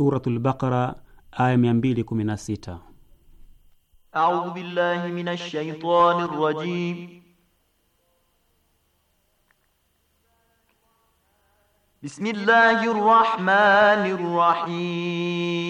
Suratul Baqara aya sita. A'udhu billahi minash shaitanir rajim. Bismillahir rahmanir rahim.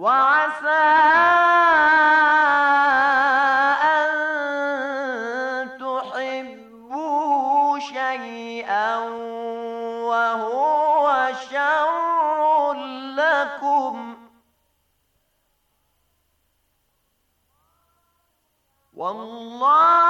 وعسى أن تحبوا شيئا وهو شر لكم والله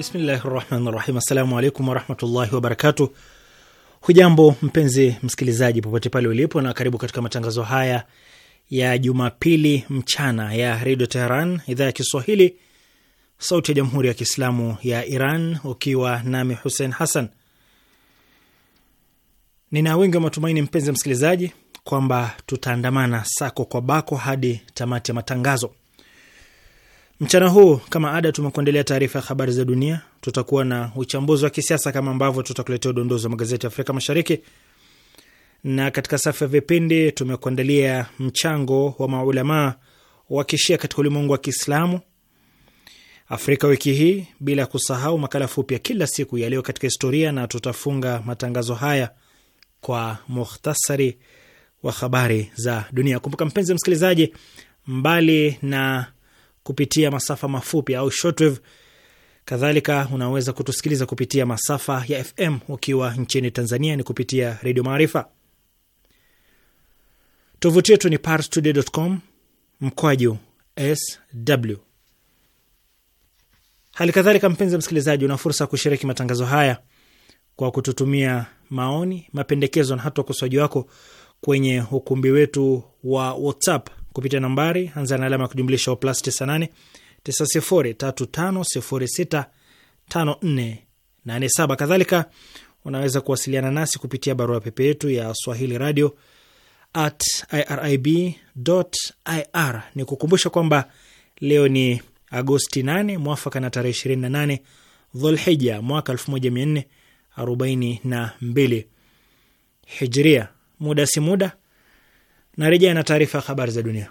Bismillahi rahmani rahim. Assalamu alaikum warahmatullahi wabarakatu. Hujambo mpenzi msikilizaji, popote pale ulipo, na karibu katika matangazo haya ya Jumapili mchana ya Redio Teheran, idhaa ya Kiswahili, sauti ya Jamhuri ya Kiislamu ya Iran, ukiwa nami Hussein Hassan. Nina wengi wa matumaini mpenzi msikilizaji, kwamba tutaandamana sako kwa bako hadi tamati ya matangazo. Mchana huu kama ada, tumekuandalia taarifa ya habari za dunia, tutakuwa na uchambuzi wa kisiasa kama ambavyo tutakuletea udondozi wa magazeti ya Afrika Mashariki, na katika safu ya vipindi tumekuandalia mchango wa maulamaa wa kishia katika ulimwengu wa Kiislamu Afrika wiki hii, bila kusahau makala fupi ya kila siku ya leo katika historia, na tutafunga matangazo haya kwa muhtasari wa habari za dunia. Kumbuka mpenzi msikilizaji, mbali na kupitia masafa mafupi au shortwave. Kadhalika unaweza kutusikiliza kupitia masafa ya FM ukiwa nchini Tanzania ni kupitia Redio Maarifa. Tovuti yetu ni parstoday.com mkwaju sw. Hali kadhalika, mpenzi msikilizaji, una fursa ya kushiriki matangazo haya kwa kututumia maoni, mapendekezo na hata ukosoaji wako kwenye ukumbi wetu wa WhatsApp kupitia nambari, anza na alama ya kujumlisha plus 98 9035065487. Kadhalika unaweza kuwasiliana nasi kupitia barua pepe yetu ya swahili radio at irib ir. Ni kukumbusha kwamba leo ni Agosti 8 mwafaka na tarehe 28 Dhulhija mwaka 1442 Hijria. Muda si muda Narejea na taarifa ya habari za dunia.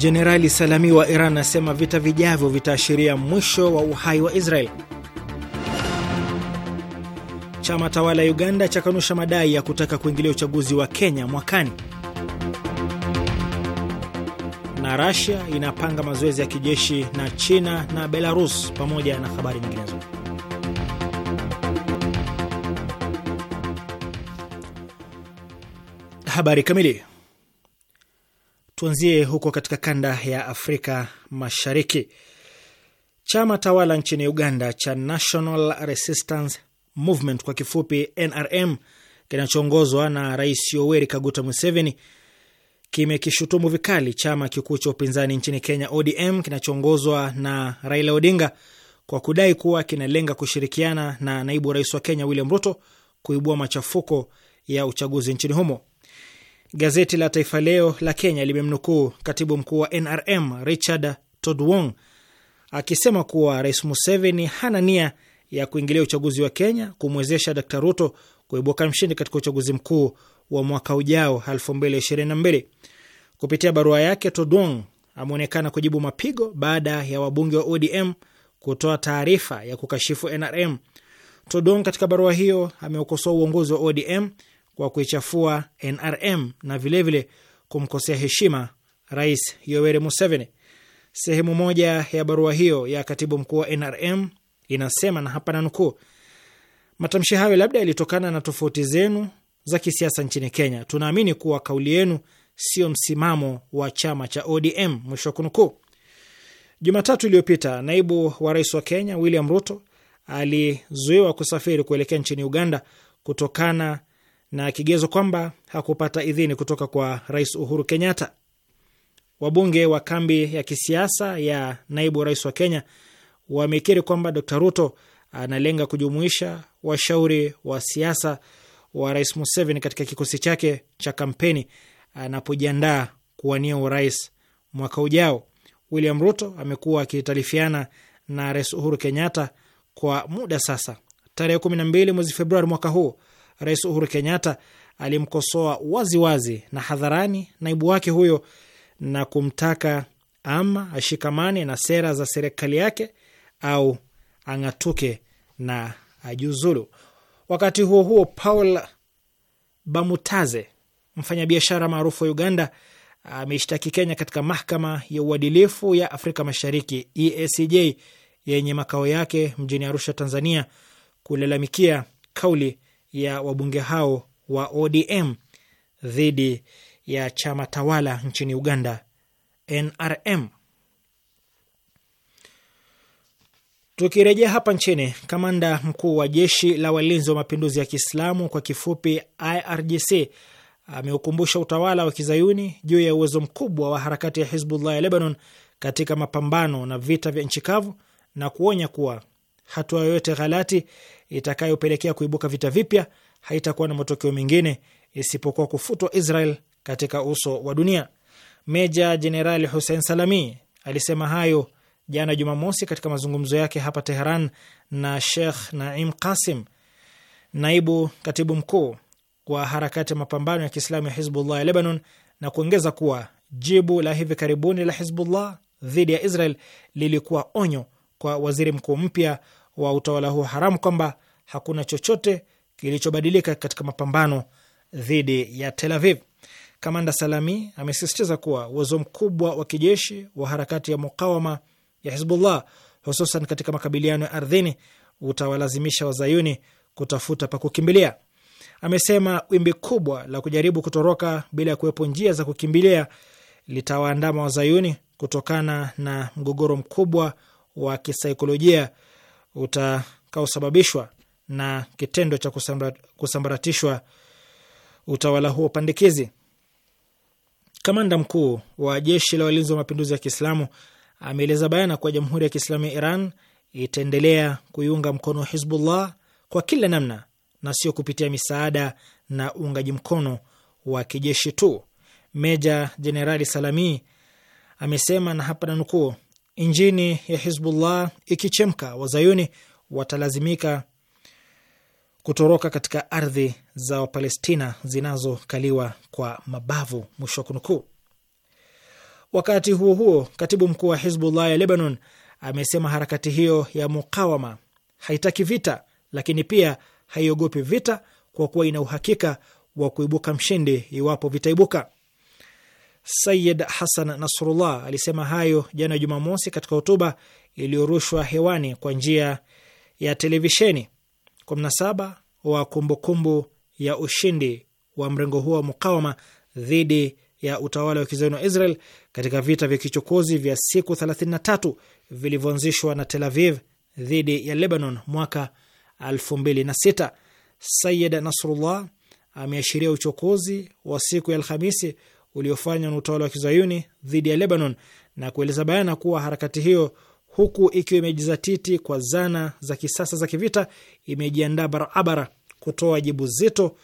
Jenerali Salami wa Iran asema vita vijavyo vitaashiria mwisho wa uhai wa Israel. Chama tawala Uganda chakanusha madai ya kutaka kuingilia uchaguzi wa Kenya mwakani. Na Rasia inapanga mazoezi ya kijeshi na China na Belarus, pamoja na habari nyinginezo. Habari kamili Tuanzie huko katika kanda ya Afrika Mashariki. Chama tawala nchini Uganda cha National Resistance Movement kwa kifupi NRM kinachoongozwa na Rais Yoweri Kaguta Museveni kimekishutumu vikali chama kikuu cha upinzani nchini Kenya ODM kinachoongozwa na Raila Odinga kwa kudai kuwa kinalenga kushirikiana na naibu rais wa Kenya William Ruto kuibua machafuko ya uchaguzi nchini humo. Gazeti la Taifa Leo la Kenya limemnukuu katibu mkuu wa NRM Richard Todwong akisema kuwa Rais Museveni hana nia ya kuingilia uchaguzi wa Kenya kumwezesha d Ruto kuibuka mshindi katika uchaguzi mkuu wa mwaka ujao 2022. Kupitia barua yake, Todwong ameonekana kujibu mapigo baada ya wabunge wa ODM kutoa taarifa ya kukashifu NRM. Todong katika barua hiyo ameukosoa uongozi wa ODM kwa kuichafua NRM na vilevile vile kumkosea heshima Rais Yoweri Museveni. Sehemu moja ya barua hiyo ya katibu mkuu wa NRM inasema, na hapa nanukuu, matamshi hayo labda yalitokana na tofauti zenu za kisiasa nchini Kenya. Tunaamini kuwa kauli yenu sio msimamo wa chama cha ODM, mwisho wa kunukuu. Jumatatu iliyopita naibu wa rais wa Kenya William Ruto alizuiwa kusafiri kuelekea nchini Uganda kutokana na kigezo kwamba hakupata idhini kutoka kwa Rais Uhuru Kenyatta. Wabunge wa kambi ya kisiasa ya naibu rais wa Kenya wamekiri kwamba d Ruto analenga kujumuisha washauri wa siasa wa Rais Museveni katika kikosi chake cha kampeni anapojiandaa kuwania urais mwaka ujao. William Ruto amekuwa akitalifiana na Rais Uhuru Kenyatta kwa muda sasa. Tarehe kumi na mbili mwezi Februari mwaka huu Rais Uhuru Kenyatta alimkosoa waziwazi na hadharani naibu wake huyo na kumtaka ama ashikamane na sera za serikali yake au ang'atuke na ajiuzulu. Wakati huo huo, Paul Bamutaze, mfanyabiashara maarufu wa Uganda, ameishtaki Kenya katika mahakama ya uadilifu ya Afrika Mashariki EACJ yenye makao yake mjini Arusha, Tanzania, kulalamikia kauli ya wabunge hao wa ODM dhidi ya chama tawala nchini Uganda, NRM. Tukirejea hapa nchini, kamanda mkuu wa jeshi la walinzi wa mapinduzi ya Kiislamu kwa kifupi IRGC ameukumbusha utawala wa kizayuni juu ya uwezo mkubwa wa harakati ya Hizbullah ya Lebanon katika mapambano na vita vya nchi kavu na kuonya kuwa hatua yoyote ghalati itakayopelekea kuibuka vita vipya haitakuwa na matokeo mengine isipokuwa kufutwa Israel katika uso wa dunia. Meja Jenerali Hussein Salami alisema hayo jana Jumamosi katika mazungumzo yake hapa Teheran na Sheikh Naim Qasim, naibu katibu mkuu wa harakati ya mapambano ya Kiislamu ya Hizbullah ya Lebanon, na kuongeza kuwa jibu la hivi karibuni la Hizbullah dhidi ya Israel lilikuwa onyo kwa waziri mkuu mpya wa utawala huo haramu kwamba hakuna chochote kilichobadilika katika mapambano dhidi ya Tel Aviv. Kamanda Salami amesisitiza kuwa uwezo mkubwa wa kijeshi wa harakati ya mukawama ya Hizbullah, hususan katika makabiliano ya ardhini, utawalazimisha wazayuni kutafuta pa kukimbilia. Amesema wimbi kubwa la kujaribu kutoroka bila ya kuwepo njia za kukimbilia litawaandama wazayuni kutokana na mgogoro mkubwa wa kisaikolojia utakaosababishwa na kitendo cha kusambaratishwa utawala huo pandikizi. Kamanda mkuu wa jeshi la walinzi wa mapinduzi ya Kiislamu ameeleza bayana kuwa Jamhuri ya Kiislamu ya Iran itaendelea kuiunga mkono Hizbullah kwa kila namna na sio kupitia misaada na uungaji mkono wa kijeshi tu. Meja Jenerali Salami amesema, na hapa nanukuu, injini ya Hizbullah ikichemka, wazayuni watalazimika kutoroka katika ardhi za Wapalestina zinazokaliwa kwa mabavu, mwisho wa kunukuu. Wakati huo huo, katibu mkuu wa Hizbullah ya Lebanon amesema harakati hiyo ya mukawama haitaki vita, lakini pia haiogopi vita, kwa kuwa ina uhakika wa kuibuka mshindi iwapo vitaibuka. Sayid Hasan Nasrullah alisema hayo jana Jumamosi katika hotuba iliyorushwa hewani kwa njia ya televisheni kwa mnasaba wa kumbukumbu kumbu ya ushindi wa mrengo huo wa mukawama dhidi ya utawala wa kizayuni wa Israel katika vita vya kichokozi vya siku 33 vilivyoanzishwa na Tel Aviv dhidi ya Lebanon mwaka 2006. Sayid Nasrullah ameashiria uchokozi wa siku ya Alhamisi uliofanywa na utawala wa kizayuni dhidi ya Lebanon na kueleza bayana kuwa harakati hiyo huku ikiwa imejizatiti kwa zana za kisasa za kivita, imejiandaa barabara kutoa jibu zito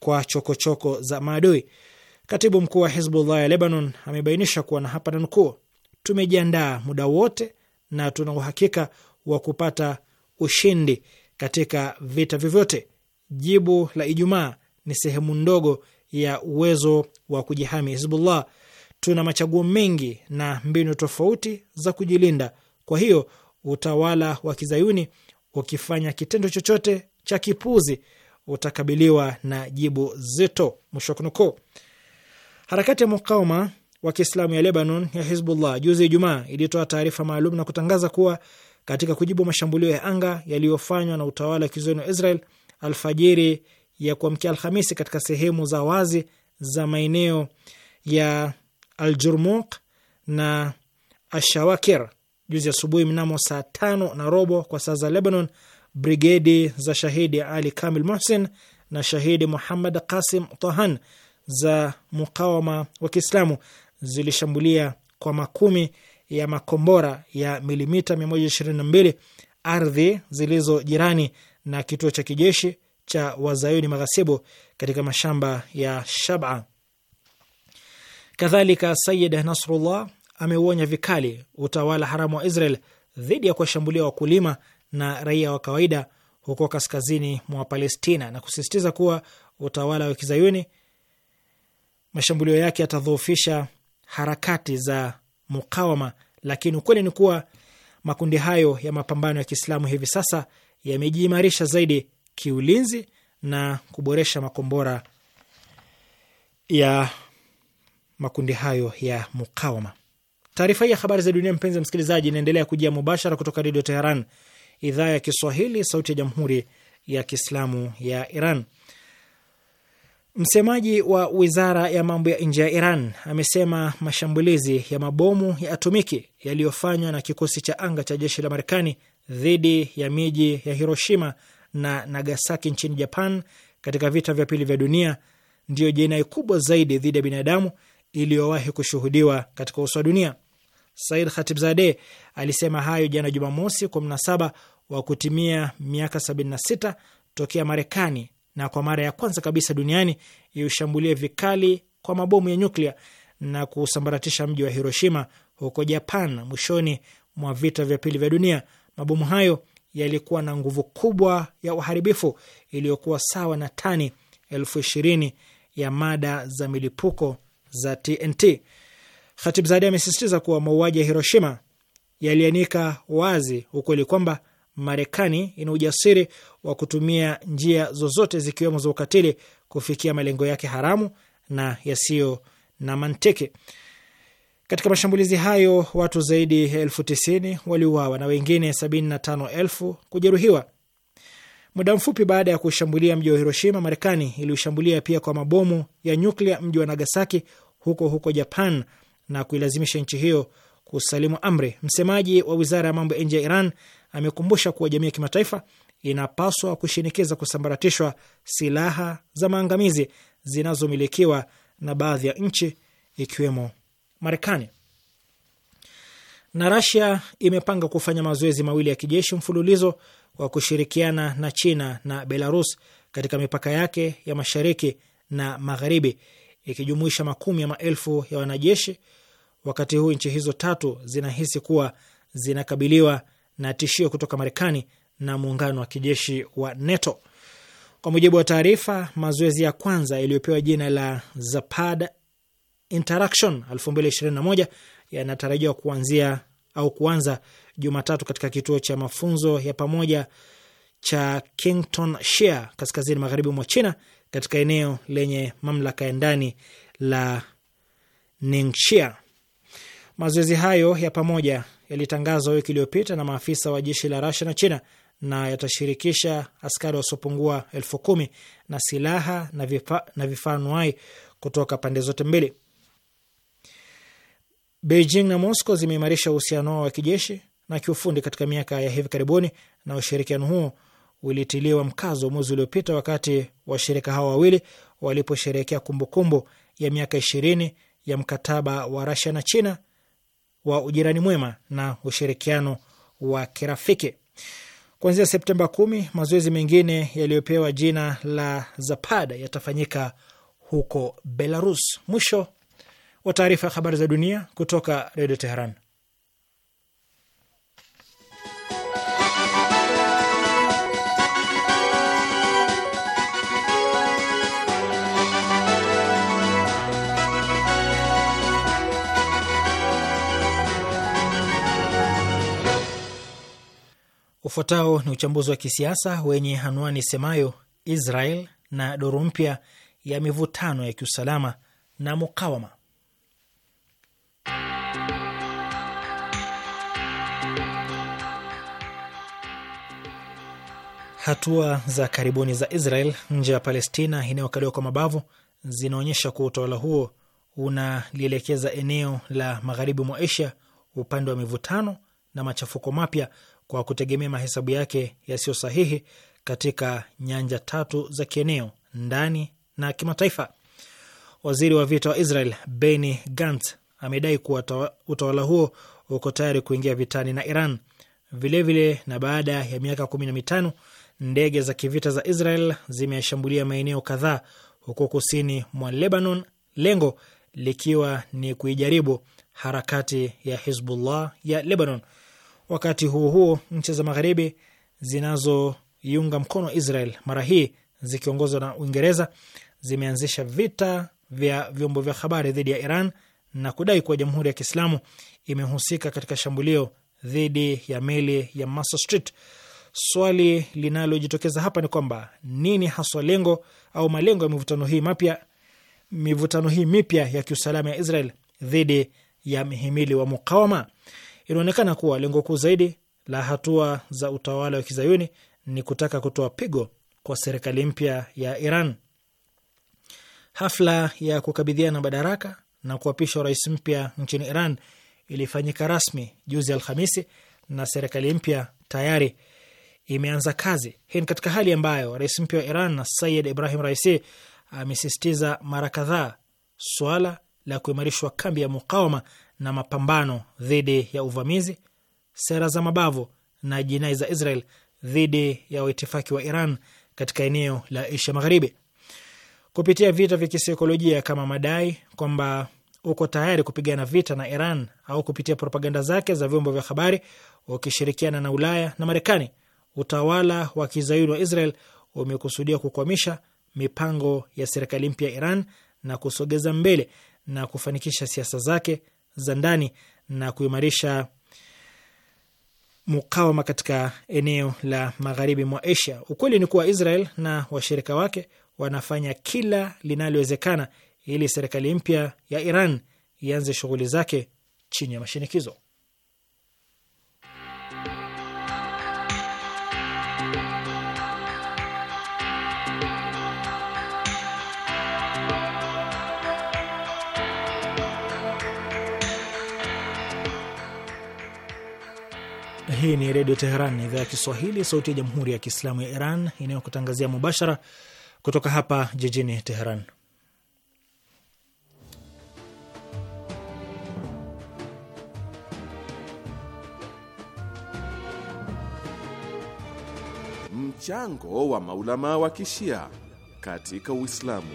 kwa chokochoko choko za maadui. Katibu mkuu wa Hizbullah ya Lebanon amebainisha kuwa na hapa nanukuu, tumejiandaa muda wote na tuna uhakika wa kupata ushindi katika vita vyovyote. Jibu la Ijumaa ni sehemu ndogo ya uwezo wa kujihami Hizbullah. Tuna machaguo mengi na mbinu tofauti za kujilinda. Kwa hiyo utawala wa kizayuni ukifanya kitendo chochote cha kipuzi utakabiliwa na jibu zito, mwisho wa kunukuu. Harakati ya mukawama wa kiislamu ya Lebanon ya Hizbullah juzi Ijumaa ilitoa taarifa maalum na kutangaza kuwa katika kujibu mashambulio ya anga yaliyofanywa na utawala wa kizayuni wa Israel alfajiri ya kuamkia Alhamisi katika sehemu za wazi za maeneo ya Aljurmuq na Ashawakir juzi asubuhi mnamo saa tano na robo kwa saa za Lebanon, brigedi za shahidi Ali Kamil Muhsin na shahidi Muhammad Qasim Tohan za mukawama wa Kiislamu zilishambulia kwa makumi ya makombora ya milimita 122 ardhi zilizo jirani na kituo cha kijeshi cha wazayuni maghasibu katika mashamba ya Shaba. Kadhalika, Sayid Nasrullah ameuonya vikali utawala haramu wa Israel dhidi ya kuwashambulia wakulima na raia wa kawaida huko kaskazini mwa Palestina na kusisitiza kuwa utawala wa kizayuni mashambulio yake yatadhoofisha harakati za mukawama, lakini ukweli ni kuwa makundi hayo ya mapambano ya Kiislamu hivi sasa yamejiimarisha zaidi kiulinzi na kuboresha makombora ya makundi hayo ya mukawama. Taarifa hii ya habari za dunia, mpenzi msikilizaji, inaendelea kujia mubashara kutoka Redio Teheran, idhaa ya Kiswahili, sauti ya Jamhuri ya Kiislamu ya Iran. Msemaji wa wizara ya mambo ya nje ya Iran amesema mashambulizi ya mabomu ya atomiki yaliyofanywa na kikosi cha anga cha jeshi la Marekani dhidi ya miji ya Hiroshima na Nagasaki nchini Japan katika vita vya pili vya dunia ndiyo jinai kubwa zaidi dhidi ya binadamu iliyowahi kushuhudiwa katika uso wa dunia. Said Khatibzade alisema hayo jana Jumamosi kwa mnasaba wa kutimia miaka 76 tokea Marekani na kwa mara ya kwanza kabisa duniani iushambulie vikali kwa mabomu ya nyuklia na kusambaratisha mji wa Hiroshima huko Japan mwishoni mwa vita vya pili vya dunia. Mabomu hayo yalikuwa na nguvu kubwa ya uharibifu iliyokuwa sawa na tani elfu ishirini ya mada za milipuko za TNT. Khatibzadeh amesisitiza kuwa mauaji ya Hiroshima yalianika wazi ukweli kwamba Marekani ina ujasiri wa kutumia njia zozote zikiwemo za ukatili kufikia malengo yake haramu na yasiyo na mantiki. Katika mashambulizi hayo watu zaidi ya elfu tisini waliuawa na wengine 75,000 kujeruhiwa. Muda mfupi baada ya kushambulia mji wa Hiroshima, Marekani iliushambulia pia kwa mabomu ya nyuklia mji wa Nagasaki huko huko Japan na kuilazimisha nchi hiyo kusalimu amri. Msemaji wa wizara ya mambo ya nje ya Iran amekumbusha kuwa jamii ya kimataifa inapaswa kushinikiza kusambaratishwa silaha za maangamizi zinazomilikiwa na baadhi ya nchi ikiwemo Marekani. Na Rasia imepanga kufanya mazoezi mawili ya kijeshi mfululizo wa kushirikiana na China na Belarus katika mipaka yake ya mashariki na magharibi, ikijumuisha makumi ya maelfu ya wanajeshi, wakati huu nchi hizo tatu zinahisi kuwa zinakabiliwa na tishio kutoka Marekani na muungano wa kijeshi wa NATO. Kwa mujibu wa taarifa, mazoezi ya kwanza yaliyopewa jina la Zapad Interaction 2021 yanatarajiwa kuanzia au kuanza Jumatatu katika kituo cha mafunzo ya pamoja cha Kington Shire kaskazini magharibi mwa China katika eneo lenye mamlaka ya ndani la Ningxia. Mazoezi hayo ya pamoja yalitangazwa wiki iliyopita na maafisa wa jeshi la Russia na China na yatashirikisha askari wasiopungua elfu kumi na silaha na vifaa nuai kutoka pande zote mbili. Beijing na Moscow zimeimarisha uhusiano wao wa kijeshi na kiufundi katika miaka ya hivi karibuni, na ushirikiano huo ulitiliwa mkazo mwezi uliopita wakati washirika hao wawili waliposherehekea kumbukumbu ya miaka ishirini ya mkataba wa Rasia na China wa ujirani mwema na ushirikiano wa kirafiki. Kuanzia Septemba kumi, mazoezi mengine yaliyopewa jina la zapad yatafanyika huko Belarus. Mwisho wa taarifa ya habari za dunia kutoka Redio Teheran. Ufuatao ni uchambuzi wa kisiasa wenye anwani semayo Israel na doru mpya ya mivutano ya kiusalama na mukawama. Hatua za karibuni za Israel nje ya Palestina inayokaliwa kwa mabavu zinaonyesha kuwa utawala huo unalielekeza eneo la magharibi mwa Asia upande wa mivutano na machafuko mapya kwa kutegemea mahesabu yake yasiyo sahihi katika nyanja tatu za kieneo, ndani na kimataifa. Waziri wa vita wa Israel Benny Gantz amedai kuwa utawala huo uko tayari kuingia vitani na Iran vilevile vile, na baada ya miaka kumi na mitano ndege za kivita za Israel zimeshambulia maeneo kadhaa huko kusini mwa Lebanon, lengo likiwa ni kuijaribu harakati ya Hizbullah ya Lebanon. Wakati huo huo, nchi za magharibi zinazoiunga mkono Israel, mara hii zikiongozwa na Uingereza, zimeanzisha vita vya vyombo vya habari dhidi ya Iran na kudai kuwa Jamhuri ya Kiislamu imehusika katika shambulio dhidi ya meli ya Massa Street. Swali linalojitokeza hapa ni kwamba nini haswa lengo au malengo ya mivutano hii mapya mivutano hii mipya ya kiusalama ya Israel dhidi ya mhimili wa mukawama. Inaonekana kuwa lengo kuu zaidi la hatua za utawala wa kizayuni ni kutaka kutoa pigo kwa serikali mpya ya Iran. Hafla ya kukabidhiana madaraka na kuapishwa rais mpya nchini Iran ilifanyika rasmi juzi Alhamisi, na serikali mpya tayari imeanza kazi. Hii ni katika hali ambayo rais mpya wa Iran Sayid Ibrahim Raisi amesisitiza mara kadhaa swala la kuimarishwa kambi ya mukawama na mapambano dhidi ya uvamizi, sera za mabavu na jinai za Israel dhidi ya waitifaki wa Iran katika eneo la Asia Magharibi kupitia vita vya kisaikolojia kama madai kwamba uko tayari kupigana vita na Iran au kupitia propaganda zake za vyombo vya habari ukishirikiana na Ulaya na Marekani utawala wa kizayuni wa Israel umekusudia kukwamisha mipango ya serikali mpya ya Iran na kusogeza mbele na kufanikisha siasa zake za ndani na kuimarisha mukawama katika eneo la magharibi mwa Asia. Ukweli ni kuwa Israel na washirika wake wanafanya kila linalowezekana ili serikali mpya ya Iran ianze shughuli zake chini ya mashinikizo. Hii ni Redio Teheran, idhaa ya Kiswahili, sauti ya Jamhuri ya Kiislamu ya Iran inayokutangazia mubashara kutoka hapa jijini Teheran. Mchango wa maulama wa kishia katika Uislamu.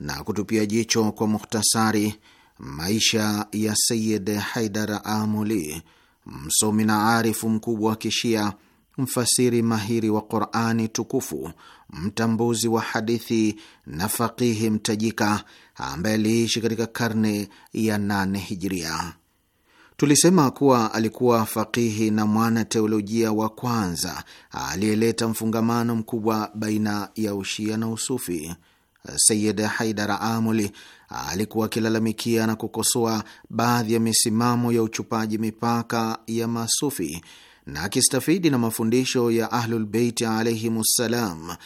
na kutupia jicho kwa muhtasari maisha ya Sayid Haidar Amuli, msomi na arifu mkubwa wa Kishia, mfasiri mahiri wa Qurani Tukufu, mtambuzi wa hadithi na faqihi mtajika, ambaye aliishi katika karne ya nane Hijiria. Tulisema kuwa alikuwa faqihi na mwana teolojia wa kwanza aliyeleta mfungamano mkubwa baina ya Ushia na Usufi. Sayid Haidar Amuli alikuwa akilalamikia na kukosoa baadhi ya misimamo ya uchupaji mipaka ya masufi na akistafidi na mafundisho ya Ahlulbeiti ssalam,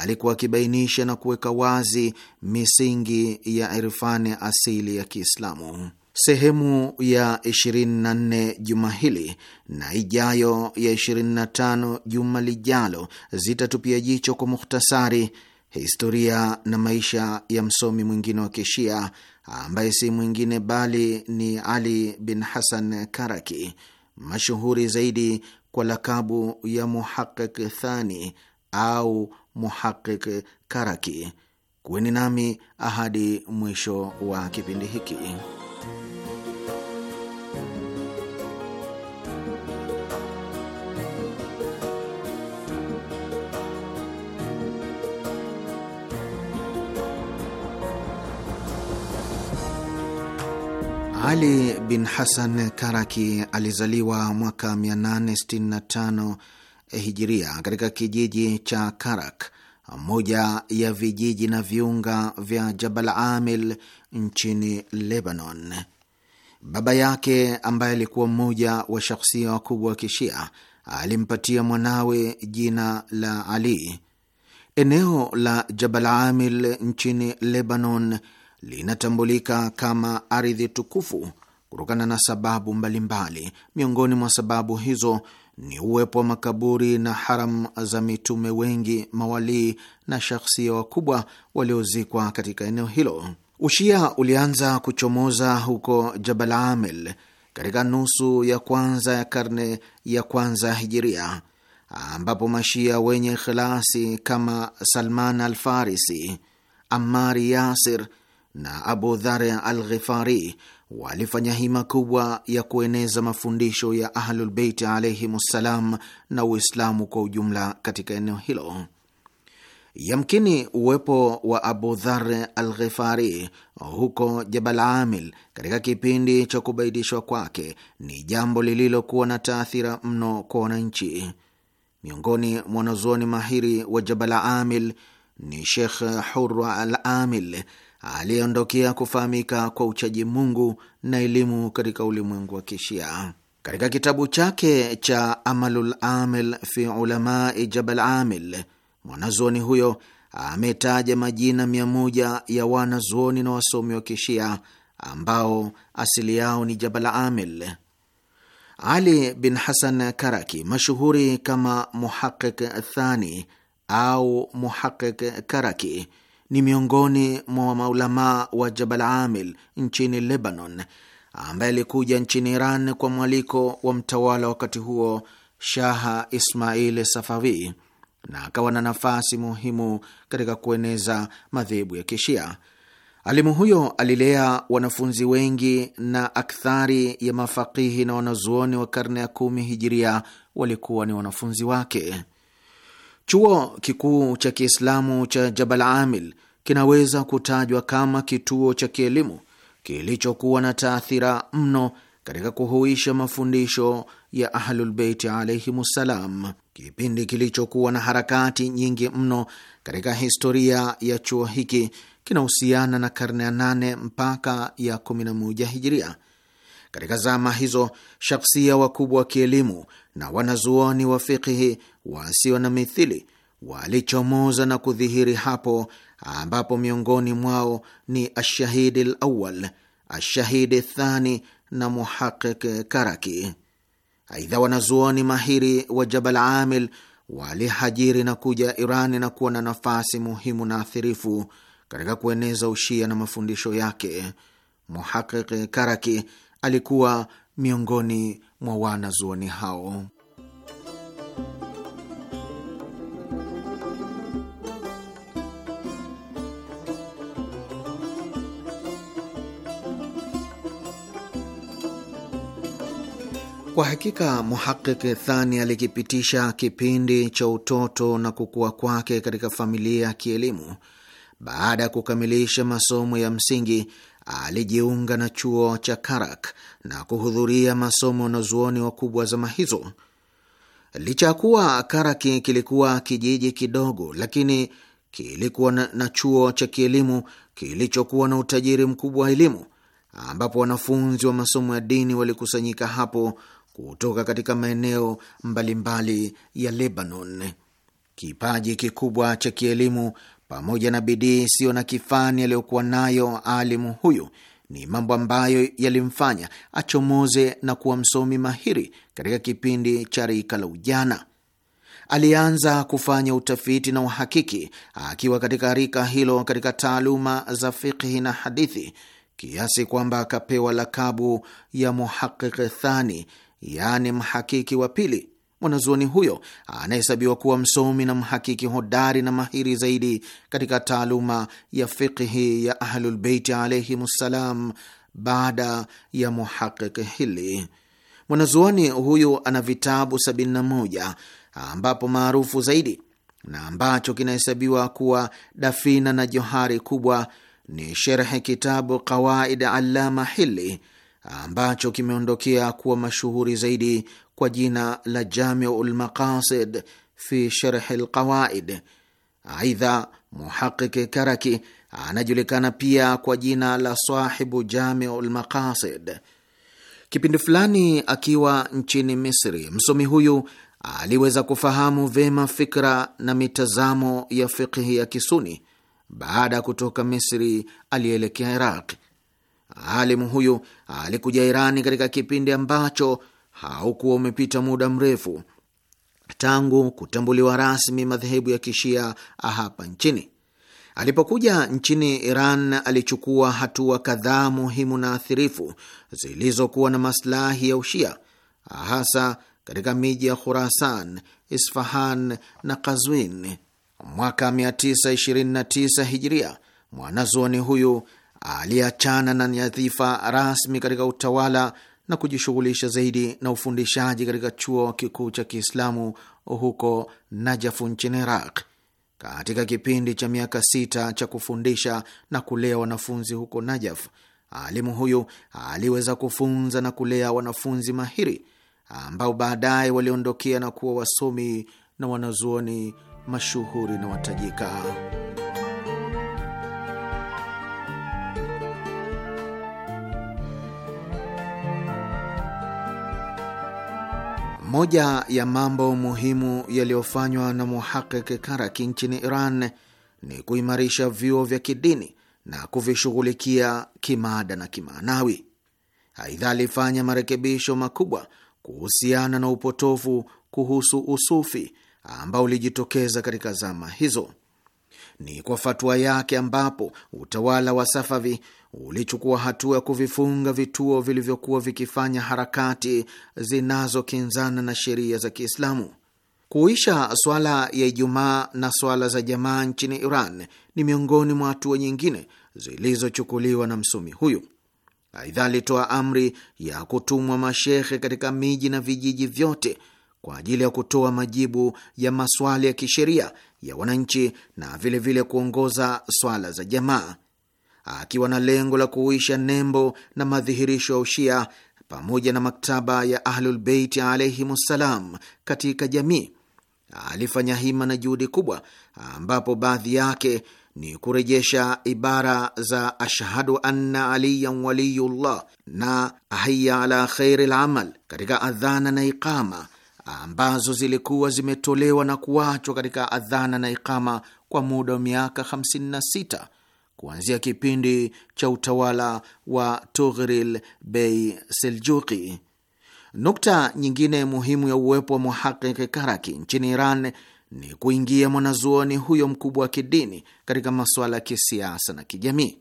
alikuwa akibainisha na kuweka wazi misingi ya irfani asili ya Kiislamu. Sehemu ya 24 juma hili na ijayo ya 25 juma lijalo zitatupia jicho kwa mukhtasari historia na maisha ya msomi mwingine wa kishia ambaye si mwingine bali ni Ali bin Hasan Karaki, mashuhuri zaidi kwa lakabu ya Muhaqiq Thani au Muhaqiq Karaki. Kuweni nami ahadi mwisho wa kipindi hiki. Ali bin Hasan Karaki alizaliwa mwaka 865 hijiria katika kijiji cha Karak, moja ya vijiji na viunga vya Jabal Amil nchini Lebanon. Baba yake ambaye alikuwa mmoja wa shakhsia wakubwa wa Kishia alimpatia mwanawe jina la Ali. Eneo la Jabal Amil nchini Lebanon linatambulika kama ardhi tukufu kutokana na sababu mbalimbali. Miongoni mwa sababu hizo ni uwepo wa makaburi na haram za mitume wengi, mawalii na shakhsia wakubwa waliozikwa katika eneo hilo. Ushia ulianza kuchomoza huko Jabal Amel katika nusu ya kwanza ya karne ya kwanza ya Hijiria, ambapo mashia wenye khilasi kama Salman Alfarisi, Amari Yasir na Abu Dhar al Ghifari walifanya hima kubwa ya kueneza mafundisho ya Ahlulbeiti alaihimussalam na Uislamu kwa ujumla katika eneo hilo. Yamkini uwepo wa Abu Dhar al Ghifari huko Jabal Amil katika kipindi cha kubaidishwa kwake ni jambo lililokuwa na taathira mno kwa wananchi. Miongoni mwa wanazuoni mahiri wa Jabal Amil ni Shekh Hurra al Amil aliyeondokea kufahamika kwa uchaji Mungu na elimu katika ulimwengu wa Kishia. Katika kitabu chake cha Amalul Amil fi Ulamai Jabal Amil, mwanazuoni huyo ametaja majina mia moja ya wanazuoni na wasomi wa Kishia ambao asili yao ni Jabal Amil. Ali bin Hasan Karaki, mashuhuri kama Muhaqiq Thani au Muhaqiq Karaki, ni miongoni mwa maulamaa wa Jabal Amil nchini Lebanon, ambaye alikuja nchini Iran kwa mwaliko wa mtawala wakati huo Shaha Ismail Safawi na akawa na nafasi muhimu katika kueneza madhehebu ya Kishia. Alimu huyo alilea wanafunzi wengi na akthari ya mafakihi na wanazuoni wa karne ya kumi hijiria walikuwa ni wanafunzi wake. Chuo kikuu cha Kiislamu cha Jabal Amil kinaweza kutajwa kama kituo cha kielimu kilichokuwa na taathira mno katika kuhuisha mafundisho ya Ahlulbeiti ssalam. kipindi kilichokuwa na harakati nyingi mno katika historia ya chuo hiki kinahusiana na karne ya nane mpaka ya kumi na moja hijiria. Katika zama hizo shakhsia wakubwa wa kielimu na wanazuoni wa fikihi wasio na mithili walichomoza na kudhihiri hapo ambapo miongoni mwao ni Ashahidi Lawal, Ashahidi Thani na Muhaqiq Karaki. Aidha, wanazuoni mahiri wa Jabal Amil walihajiri na kuja Irani na kuwa na nafasi muhimu na athirifu katika kueneza ushia na mafundisho yake. Muhaqiq Karaki alikuwa miongoni mwa wanazuoni hao. Kwa hakika Muhaqiki Thani alikipitisha kipindi cha utoto na kukua kwake katika familia ya kielimu. Baada ya kukamilisha masomo ya msingi, alijiunga na chuo cha Karak na kuhudhuria masomo na zuoni wakubwa zama hizo. Licha ya kuwa Karaki kilikuwa kijiji kidogo, lakini kilikuwa na, na chuo cha kielimu kilichokuwa na utajiri mkubwa wa elimu ambapo wanafunzi wa masomo ya dini walikusanyika hapo kutoka katika maeneo mbalimbali ya Lebanon. Kipaji kikubwa cha kielimu pamoja na bidii isiyo na kifani aliyokuwa nayo alimu huyu ni mambo ambayo yalimfanya achomoze na kuwa msomi mahiri katika kipindi cha rika la ujana. Alianza kufanya utafiti na uhakiki akiwa katika rika hilo katika taaluma za fikhi na hadithi, kiasi kwamba akapewa lakabu ya Muhaqiqi Thani, yaani mhakiki wa pili. Mwanazuoni huyo anahesabiwa kuwa msomi na mhakiki hodari na mahiri zaidi katika taaluma ya fiqhi ya Ahlulbeiti ssalam baada ya Muhaqiq Hili. Mwanazuoni huyu ana vitabu 71 ambapo maarufu zaidi na ambacho kinahesabiwa kuwa dafina na johari kubwa ni sherhe kitabu Qawaid Allama Hili ambacho kimeondokea kuwa mashuhuri zaidi kwa jina la Jamiu lMaqasid fi Sharhi lQawaid. Aidha, Muhaqiqi Karaki anajulikana pia kwa jina la sahibu Jamiu lMaqasid. Kipindi fulani akiwa nchini Misri, msomi huyu aliweza kufahamu vema fikra na mitazamo ya fikhi ya Kisuni. Baada ya kutoka Misri, alielekea Iraqi. Alimu huyu alikuja Irani katika kipindi ambacho haukuwa umepita muda mrefu tangu kutambuliwa rasmi madhehebu ya kishia hapa nchini. Alipokuja nchini Iran alichukua hatua kadhaa muhimu na athirifu zilizokuwa na maslahi ya Ushia, hasa katika miji ya Khurasan, Isfahan na Kazwin. Mwaka 929 Hijria, mwanazuoni huyu aliyeachana na nyadhifa rasmi katika utawala na kujishughulisha zaidi na ufundishaji katika chuo kikuu cha Kiislamu huko Najafu nchini Iraq. Katika kipindi cha miaka sita cha kufundisha na kulea wanafunzi huko Najaf, alimu huyu aliweza kufunza na kulea wanafunzi mahiri ambao baadaye waliondokea na kuwa wasomi na wanazuoni mashuhuri na watajika. Moja ya mambo muhimu yaliyofanywa na Muhaqiq Karaki nchini Iran ni kuimarisha vyuo vya kidini na kuvishughulikia kimaada na kimaanawi. Aidha, alifanya marekebisho makubwa kuhusiana na upotofu kuhusu usufi ambao ulijitokeza katika zama hizo. Ni kwa fatua yake ambapo utawala wa Safavi ulichukua hatua ya kuvifunga vituo vilivyokuwa vikifanya harakati zinazokinzana na sheria za Kiislamu. Kuisha swala ya Ijumaa na swala za jamaa nchini Iran ni miongoni mwa hatua nyingine zilizochukuliwa na msomi huyu. Aidha, alitoa amri ya kutumwa mashehe katika miji na vijiji vyote kwa ajili ya kutoa majibu ya maswali ya kisheria ya wananchi na vilevile vile kuongoza swala za jamaa akiwa na lengo la kuuisha nembo na madhihirisho ya Ushia pamoja na maktaba ya Ahlulbeiti alaihimussalam katika jamii. Alifanya hima na juhudi kubwa, ambapo baadhi yake ni kurejesha ibara za ashhadu anna aliyan waliyullah na haya ala khairi lamal katika adhana na iqama ambazo zilikuwa zimetolewa na kuachwa katika adhana na iqama kwa muda wa miaka 56 kuanzia kipindi cha utawala wa Tughril Bei Seljuki. Nukta nyingine muhimu ya uwepo wa Muhaqiq Karaki nchini Iran ni kuingia mwanazuoni huyo mkubwa wa kidini katika masuala ya kisiasa na kijamii.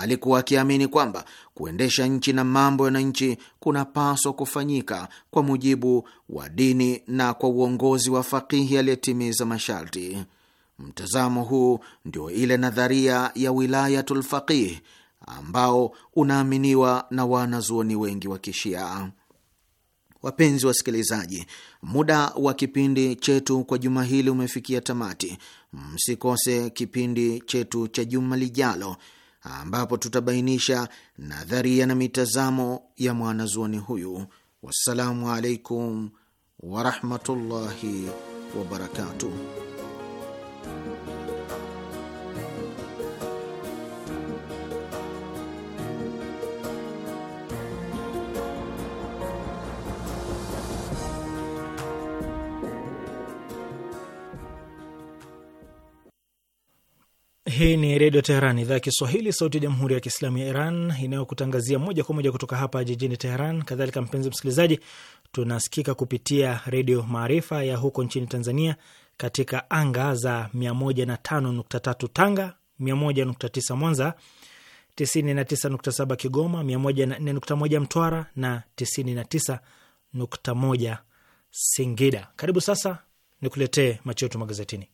Alikuwa akiamini kwamba kuendesha nchi na mambo ya wananchi kunapaswa kufanyika kwa mujibu wa dini na kwa uongozi wa fakihi aliyetimiza masharti. Mtazamo huu ndio ile nadharia ya wilayatul faqih ambao unaaminiwa na wanazuoni wengi wa Kishia. Wapenzi wasikilizaji, muda wa kipindi chetu kwa juma hili umefikia tamati. Msikose kipindi chetu cha juma lijalo, ambapo tutabainisha nadharia na mitazamo ya mwanazuoni huyu. Wassalamu alaikum warahmatullahi wabarakatuh. Hii ni Redio Teheran, idhaa ya Kiswahili, sauti ya Jamhuri ya Kiislamu ya Iran inayokutangazia moja kwa moja kutoka hapa jijini Teheran. Kadhalika mpenzi msikilizaji, tunasikika kupitia Redio Maarifa ya huko nchini Tanzania katika anga za 105.3 Tanga, 101.9 Mwanza, 99.7 Kigoma, 104.1 Mtwara na 99.1 Singida. Karibu sasa nikuletee macho yetu magazetini.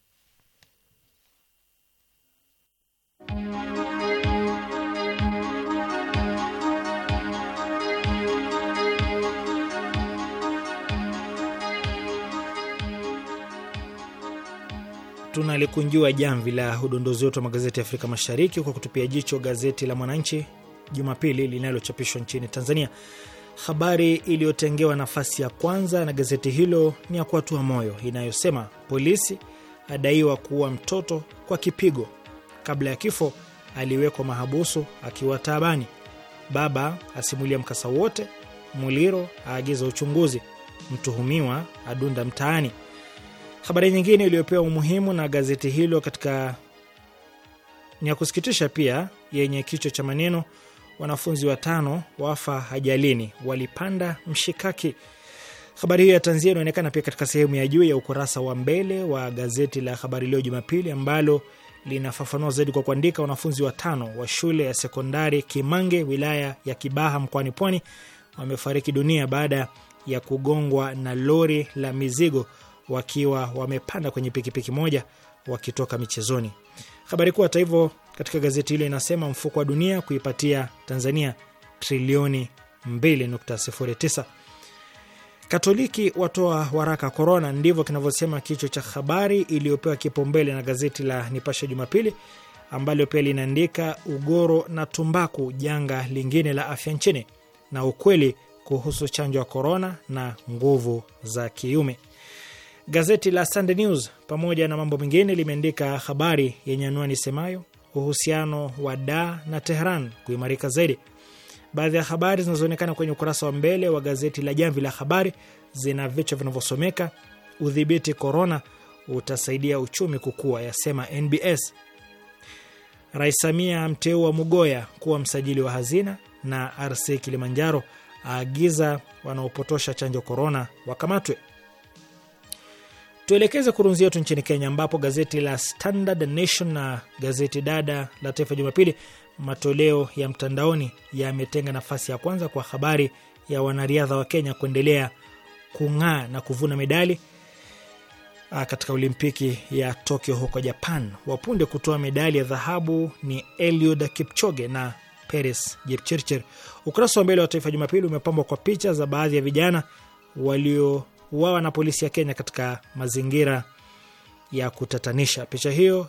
Tunalikunjua jamvi la udondozi wetu wa magazeti ya Afrika Mashariki kwa kutupia jicho gazeti la Mwananchi Jumapili linalochapishwa nchini Tanzania. Habari iliyotengewa nafasi ya kwanza na gazeti hilo ni ya kuatua moyo inayosema polisi adaiwa kuua mtoto kwa kipigo kabla ya kifo aliwekwa mahabusu akiwa taabani. Baba asimulia mkasa wote, Muliro aagiza uchunguzi, mtuhumiwa adunda mtaani. Habari nyingine iliyopewa umuhimu na gazeti hilo katika ni ya kusikitisha pia, yenye kichwa cha maneno wanafunzi watano wafa ajalini, walipanda mshikaki. Habari hiyo ya tanzia inaonekana pia katika sehemu ya juu ya ukurasa wa mbele wa gazeti la Habari Leo Jumapili, ambalo linafafanua zaidi kwa kuandika, wanafunzi watano wa shule ya sekondari Kimange, wilaya ya Kibaha, mkoani Pwani, wamefariki dunia baada ya kugongwa na lori la mizigo wakiwa wamepanda kwenye pikipiki moja wakitoka michezoni. Habari kuu hata hivyo katika gazeti hilo inasema mfuko wa dunia kuipatia Tanzania trilioni 2.09 Katoliki watoa waraka korona, ndivyo kinavyosema kichwa cha habari iliyopewa kipaumbele na gazeti la Nipashe Jumapili, ambalo pia linaandika ugoro na tumbaku, janga lingine la afya nchini, na ukweli kuhusu chanjo ya korona na nguvu za kiume. Gazeti la Sunday News pamoja na mambo mengine limeandika habari yenye anwani semayo uhusiano wa Da na Tehran kuimarika zaidi. Baadhi ya habari zinazoonekana kwenye ukurasa wa mbele wa gazeti la Jamvi la Habari zina vichwa vinavyosomeka: udhibiti korona utasaidia uchumi kukua, yasema NBS; Rais Samia amteua Mugoya kuwa msajili wa hazina; na RC Kilimanjaro aagiza wanaopotosha chanjo korona wakamatwe. Tuelekeze kurunzi yetu nchini Kenya, ambapo gazeti la Standard Nation na gazeti dada la Taifa Jumapili matoleo ya mtandaoni yametenga nafasi ya kwanza kwa habari ya wanariadha wa Kenya kuendelea kung'aa na kuvuna medali ah, katika Olimpiki ya Tokyo huko Japan. Wapunde kutoa medali ya dhahabu ni Eliud Kipchoge na Peres Jepchirchir. Ukurasa wa mbele wa Taifa Jumapili umepambwa kwa picha za baadhi ya vijana waliouawa na polisi ya Kenya katika mazingira ya kutatanisha. Picha hiyo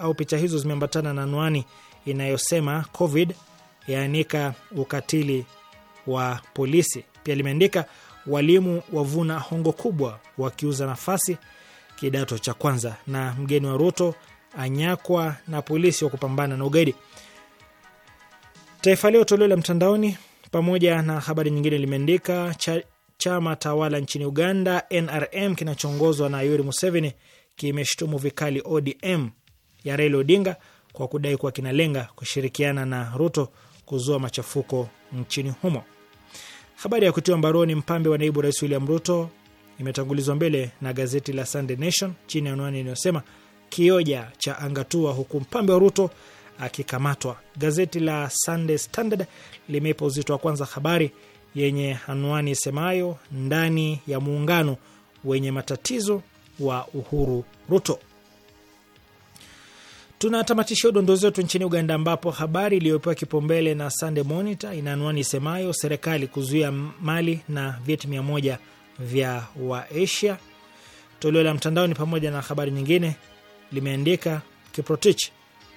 au picha hizo zimeambatana na anwani inayosema Covid yaanika ukatili wa polisi. Pia limeandika walimu wavuna hongo kubwa wakiuza nafasi kidato cha kwanza, na mgeni wa Ruto anyakwa na polisi wa kupambana na ugaidi. Taifa Leo toleo la mtandaoni pamoja na habari nyingine limeandika cha, chama tawala nchini Uganda NRM kinachoongozwa na Yoweri Museveni kimeshutumu vikali ODM ya Raila Odinga kwa kudai kuwa kinalenga kushirikiana na Ruto kuzua machafuko nchini humo. Habari ya kutiwa mbaroni mpambe wa naibu rais William Ruto imetangulizwa mbele na gazeti la Sunday Nation chini ya anwani inayosema kioja cha angatua huku mpambe wa Ruto akikamatwa. Gazeti la Sunday Standard limeipa uzito wa kwanza habari yenye anwani isemayo ndani ya muungano wenye matatizo wa Uhuru Ruto. Tunatamatisha udondozi wetu nchini Uganda, ambapo habari iliyopewa kipaumbele na Sunday Monitor ina anwani isemayo serikali kuzuia mali na vyeti mia moja vya Waasia. Toleo la mtandaoni pamoja na habari nyingine limeandika Kiprotich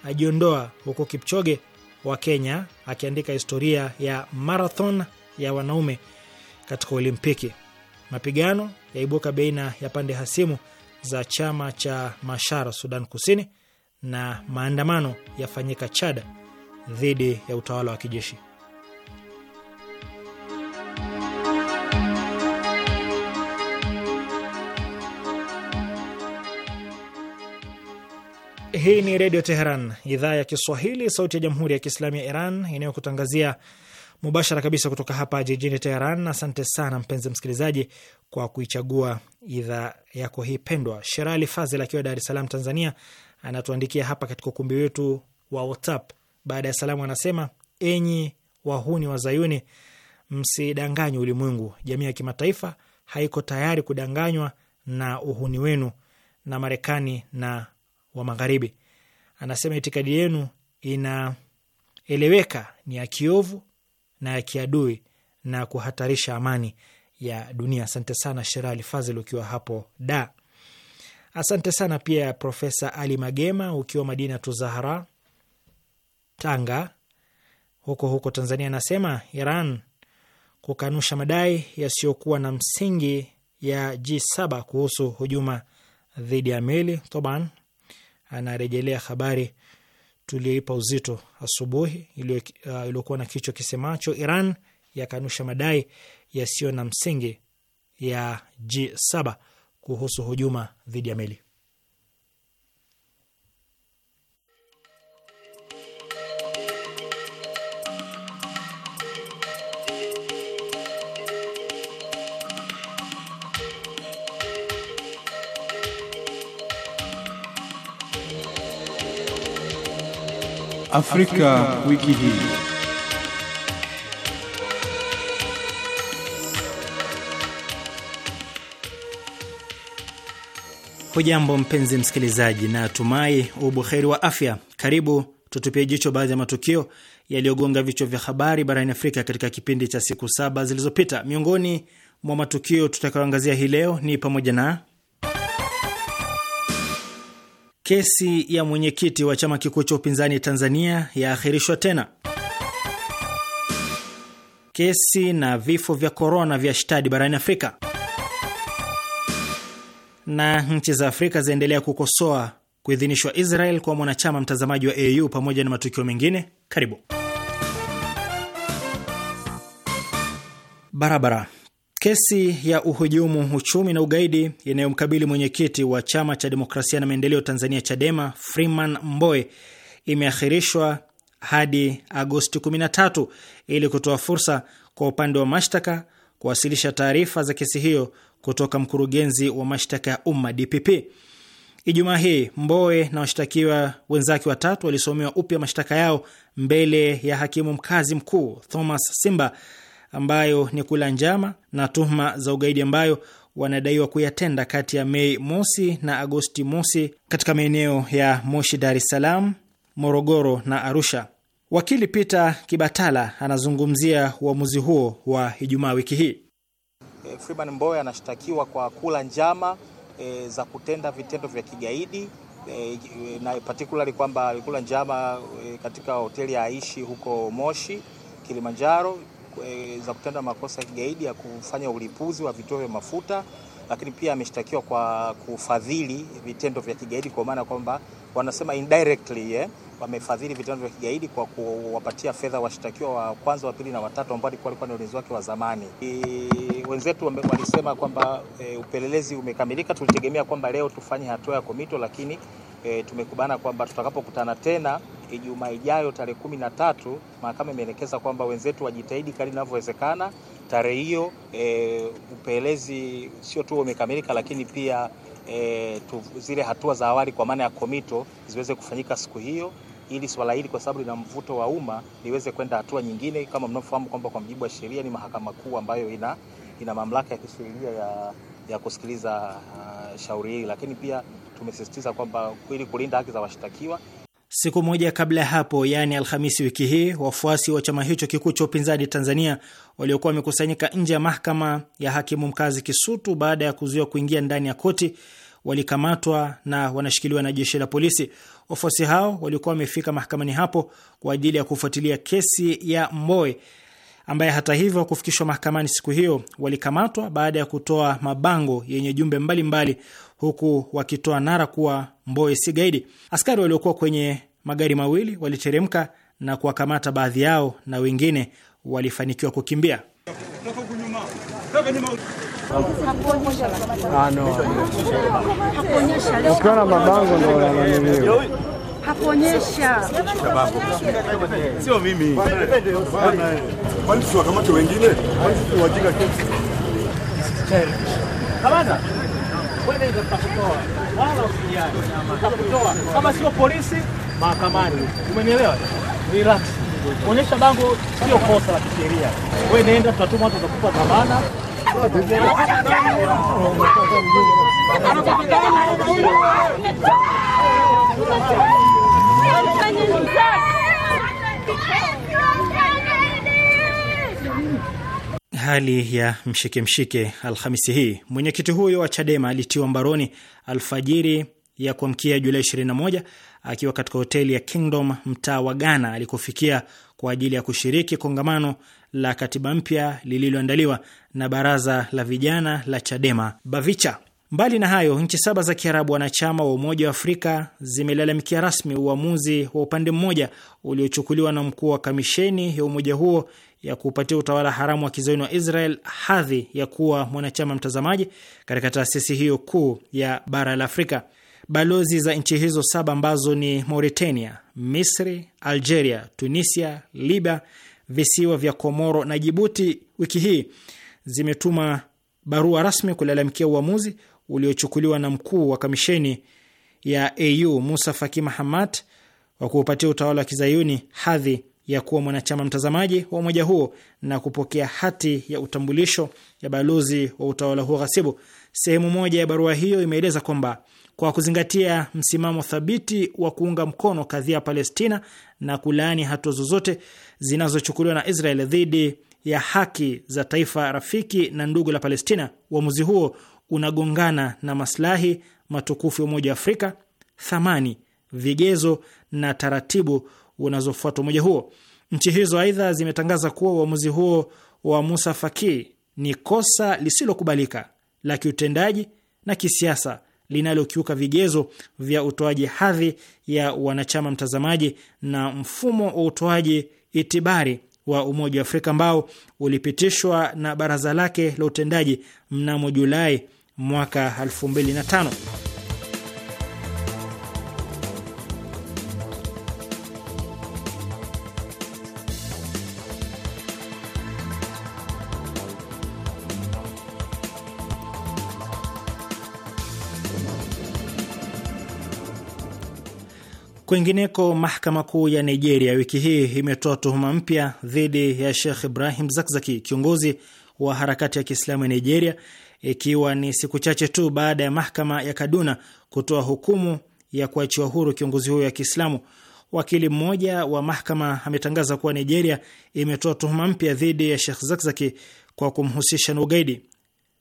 ajiondoa huku Kipchoge wa Kenya akiandika historia ya marathon ya wanaume katika Olimpiki. Mapigano yaibuka baina ya pande hasimu za chama cha mashara Sudan Kusini na maandamano yafanyika Chad dhidi ya utawala wa kijeshi. Hii ni Redio Teheran, idhaa ya Kiswahili, sauti ya Jamhuri ya Kiislamu ya Iran inayokutangazia mubashara kabisa kutoka hapa jijini Teheran. Asante sana mpenzi msikilizaji kwa kuichagua idhaa yako hii pendwa. Sherali Fazil akiwa Dar es Salaam, Tanzania, anatuandikia hapa katika ukumbi wetu wa WhatsApp. Baada ya salamu, anasema enyi wahuni wa Zayuni, msidanganywe ulimwengu. Jamii ya kimataifa haiko tayari kudanganywa na uhuni wenu na Marekani na wa Magharibi. Anasema itikadi yenu inaeleweka, ni ya kiovu na ya kiadui na kuhatarisha amani ya dunia. Asante sana Sherali Fazil ukiwa hapo da Asante sana pia Profesa Ali Magema ukiwa Madina Tuzahara, Tanga, huko huko Tanzania, anasema Iran kukanusha madai yasiyokuwa na msingi ya G7 kuhusu hujuma dhidi ya meli Toban. Anarejelea habari tuliyoipa uzito asubuhi uh, iliyokuwa uh, na kichwa kisemacho Iran yakanusha madai yasiyo na msingi ya G7 kuhusu hujuma dhidi ya meli. Afrika, Afrika wiki hii. Hujambo mpenzi msikilizaji, na tumai ubuheri wa afya. Karibu tutupie jicho baadhi ya matukio yaliyogonga vichwa vya habari barani Afrika katika kipindi cha siku saba zilizopita. Miongoni mwa matukio tutakayoangazia hii leo ni pamoja na kesi ya mwenyekiti wa chama kikuu cha upinzani Tanzania yaahirishwa tena, kesi na vifo vya korona vya shtadi barani Afrika na nchi za Afrika zaendelea kukosoa kuidhinishwa Israel kwa mwanachama mtazamaji wa AU pamoja na matukio mengine. Karibu barabara. Kesi ya uhujumu uchumi na ugaidi inayomkabili mwenyekiti wa chama cha demokrasia na maendeleo Tanzania, Chadema, Freeman Mbowe imeahirishwa hadi Agosti 13 ili kutoa fursa kwa upande wa mashtaka kuwasilisha taarifa za kesi hiyo kutoka mkurugenzi wa mashtaka ya umma DPP. Ijumaa hii mboe na washtakiwa wenzake watatu walisomewa upya mashtaka yao mbele ya hakimu mkazi mkuu Thomas Simba, ambayo ni kula njama na tuhuma za ugaidi ambayo wanadaiwa kuyatenda kati ya Mei mosi na Agosti mosi katika maeneo ya Moshi, Dar es Salaam, Morogoro na Arusha. Wakili Peter Kibatala anazungumzia uamuzi huo wa Ijumaa wiki hii. E, Freeman Mbowe anashtakiwa kwa kula njama e, za kutenda vitendo vya kigaidi e, na particularly kwamba alikula njama e, katika hoteli ya Aishi huko Moshi, Kilimanjaro e, za kutenda makosa ya kigaidi ya kufanya ulipuzi wa vituo vya mafuta, lakini pia ameshtakiwa kwa kufadhili vitendo vya kigaidi kwa maana kwamba wanasema indirectly, yeah wamefadhili vitendo vya kigaidi kwa kuwapatia fedha washtakiwa wa kwanza, wa pili na watatu ambao walikuwa ni walinzi wake wa zamani. Wenzetu walisema kwamba e, upelelezi umekamilika. Tulitegemea kwamba leo tufanye hatua ya komito, lakini e, tumekubana kwamba tutakapokutana tena Ijumaa ijayo tarehe kumi na tatu, mahakama imeelekeza kwamba wenzetu wajitahidi kadri inavyowezekana tarehe hiyo. E, upelelezi sio tu umekamilika, lakini pia e, tu, zile hatua za awali kwa maana ya komito ziweze kufanyika siku hiyo ili swala hili kwa sababu lina mvuto wa umma liweze kwenda hatua nyingine. Kama mnafahamu kwamba kwa mujibu wa sheria ni mahakama kuu ambayo ina, ina mamlaka ya kisheria ya, ya kusikiliza uh, shauri hili, lakini pia tumesisitiza kwamba ili kulinda haki za washtakiwa Siku moja kabla ya hapo, yaani Alhamisi wiki hii, wafuasi wa chama hicho kikuu cha upinzani Tanzania waliokuwa wamekusanyika nje ya mahakama ya hakimu mkazi Kisutu baada ya kuzuiwa kuingia ndani ya koti walikamatwa na wanashikiliwa na jeshi la polisi. Wafuasi hao walikuwa wamefika mahakamani hapo kwa ajili ya kufuatilia kesi ya mboe ambaye hata hivyo kufikishwa mahakamani siku hiyo. Walikamatwa baada ya kutoa mabango yenye jumbe mbalimbali mbali, huku wakitoa nara kuwa mboe si gaidi. Askari waliokuwa kwenye magari mawili waliteremka na kuwakamata baadhi yao na wengine walifanikiwa kukimbia ukiwa na mabango ndo yananiliwa hakuonyesha, sio mimi. Kwani tusiwakamate wengine? kama sio polisi, mahakamani. Umenielewa? Relax, kuonyesha bango sio kosa la kisheria. Wewe nenda, tutatuma watu watakupa dhamana. Hali ya mshike mshike Alhamisi hii, mwenyekiti huyo wa Chadema alitiwa mbaroni alfajiri ya kuamkia Julai 21 akiwa katika hoteli ya Kingdom mtaa wa Ghana alikofikia kwa ajili ya kushiriki kongamano la katiba mpya lililoandaliwa na baraza la vijana la Chadema Bavicha. Mbali na hayo, nchi saba za Kiarabu wanachama wa Umoja wa Afrika zimelalamikia rasmi uamuzi wa upande mmoja uliochukuliwa na mkuu wa kamisheni ya umoja huo ya kuupatia utawala haramu wa kizayuni wa Israel hadhi ya kuwa mwanachama mtazamaji katika taasisi hiyo kuu ya bara la Afrika. Balozi za nchi hizo saba ambazo ni Mauritania, Misri, Algeria, Tunisia, Libya, visiwa vya Komoro na Jibuti wiki hii zimetuma barua rasmi kulalamikia uamuzi uliochukuliwa na mkuu wa kamisheni ya AU Musa Faki Mahamat wa kuupatia utawala wa kizayuni hadhi ya kuwa mwanachama mtazamaji wa umoja huo na kupokea hati ya utambulisho ya balozi wa utawala huo ghasibu. Sehemu moja ya barua hiyo imeeleza kwamba kwa kuzingatia msimamo thabiti wa kuunga mkono kadhia ya Palestina na kulaani hatua zozote zinazochukuliwa na Israel dhidi ya haki za taifa rafiki na ndugu la Palestina, uamuzi huo unagongana na maslahi matukufu ya Umoja wa Afrika, thamani, vigezo na taratibu unazofuata umoja huo. Nchi hizo aidha zimetangaza kuwa uamuzi huo wa Musa Faki ni kosa lisilokubalika la kiutendaji na kisiasa linalokiuka vigezo vya utoaji hadhi ya wanachama mtazamaji na mfumo wa utoaji itibari wa Umoja wa Afrika ambao ulipitishwa na baraza lake la utendaji mnamo Julai mwaka 2005. Kwingineko, mahakama kuu ya Nigeria wiki hii imetoa tuhuma mpya dhidi ya Sheikh Ibrahim Zakzaki, kiongozi wa harakati ya Kiislamu ya Nigeria, ikiwa ni siku chache tu baada ya mahakama ya Kaduna kutoa hukumu ya kuachiwa huru kiongozi huyo wa Kiislamu. Wakili mmoja wa mahakama ametangaza kuwa Nigeria imetoa tuhuma mpya dhidi ya Sheikh Zakzaki kwa kumhusisha na ugaidi.